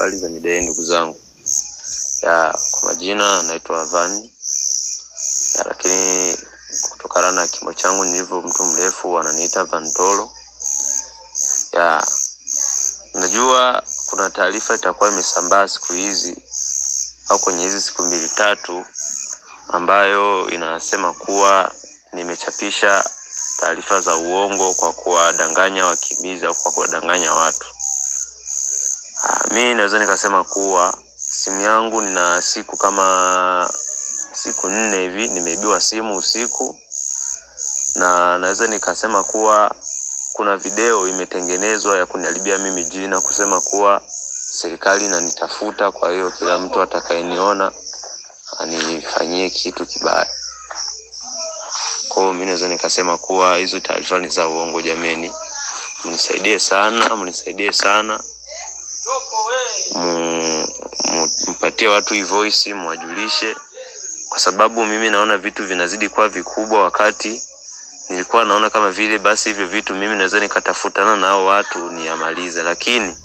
Habari za mida ndugu zangu, ya kwa majina anaitwa ya, lakini kutokana na kimo changu nilivyo mtu mrefu wananiita Vantolo. Ya najua kuna taarifa itakuwa imesambaa siku hizi au kwenye hizi siku mbili tatu, ambayo inasema kuwa nimechapisha taarifa za uongo kwa kuwadanganya wakimbizi au kwa kuwadanganya watu Mi naweza nikasema kuwa simu yangu nina siku kama siku nne hivi nimeibiwa simu usiku, na naweza nikasema kuwa kuna video imetengenezwa ya kuniharibia mimi jina, kusema kuwa serikali inanitafuta, kwa hiyo kila mtu atakayeniona anifanyie kitu kibaya. Kwa hiyo mi naweza nikasema kuwa hizo taarifa ni za uongo. Jameni, mnisaidie sana, mnisaidie sana mpatie watu hii voice, mwajulishe, kwa sababu mimi naona vitu vinazidi kuwa vikubwa. Wakati nilikuwa naona kama vile basi hivyo vitu mimi naweza nikatafutana na hao watu niyamalize, lakini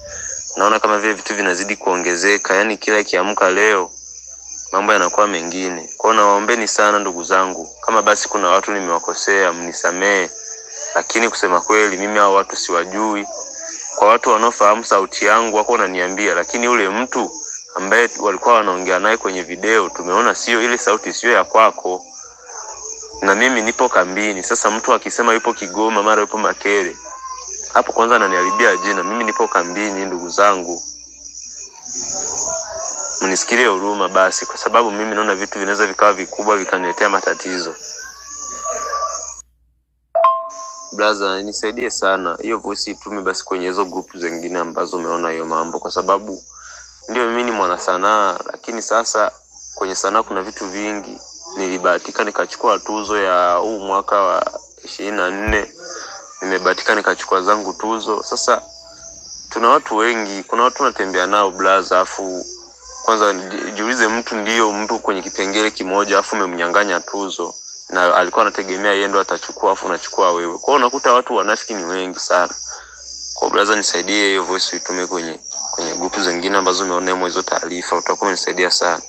naona kama vile vitu vinazidi kuongezeka, yaani kila ikiamka leo mambo yanakuwa mengine. Kwao nawaombeni sana ndugu zangu, kama basi kuna watu nimewakosea, mnisamehe, lakini kusema kweli mimi hao watu siwajui kwa watu wanaofahamu sauti yangu wako wananiambia, lakini yule mtu ambaye walikuwa wanaongea naye kwenye video tumeona sio ile sauti, sio ya kwako. Na mimi nipo kambini. Sasa mtu akisema yupo Kigoma, mara yupo Makere, hapo kwanza ananiharibia jina. Mimi nipo kambini, ndugu zangu, mnisikilie huruma basi, kwa sababu mimi naona vitu vinaweza vikawa vikubwa vikaniletea matatizo. Blaza, nisaidie sana hiyo voice itume basi kwenye hizo grupu zingine ambazo umeona hiyo mambo, kwa sababu ndio mimi ni mwana sanaa, lakini sasa kwenye sanaa kuna vitu vingi. Nilibahatika nikachukua tuzo ya huu mwaka wa ishirini na nne, nimebahatika nikachukua zangu tuzo. Sasa tuna watu wengi, kuna watu natembea nao blaza, afu kwanza jiulize, mtu ndiyo mtu kwenye kipengele kimoja, afu umemnyang'anya tuzo na alikuwa anategemea yeye ndo atachukua, afu unachukua wewe. Kwa hiyo unakuta watu wanafiki ni wengi sana. Kwa braza nisaidie hiyo voice uitume kwenye kwenye grupu zingine ambazo umeona hizo taarifa, utakuwa umenisaidia sana.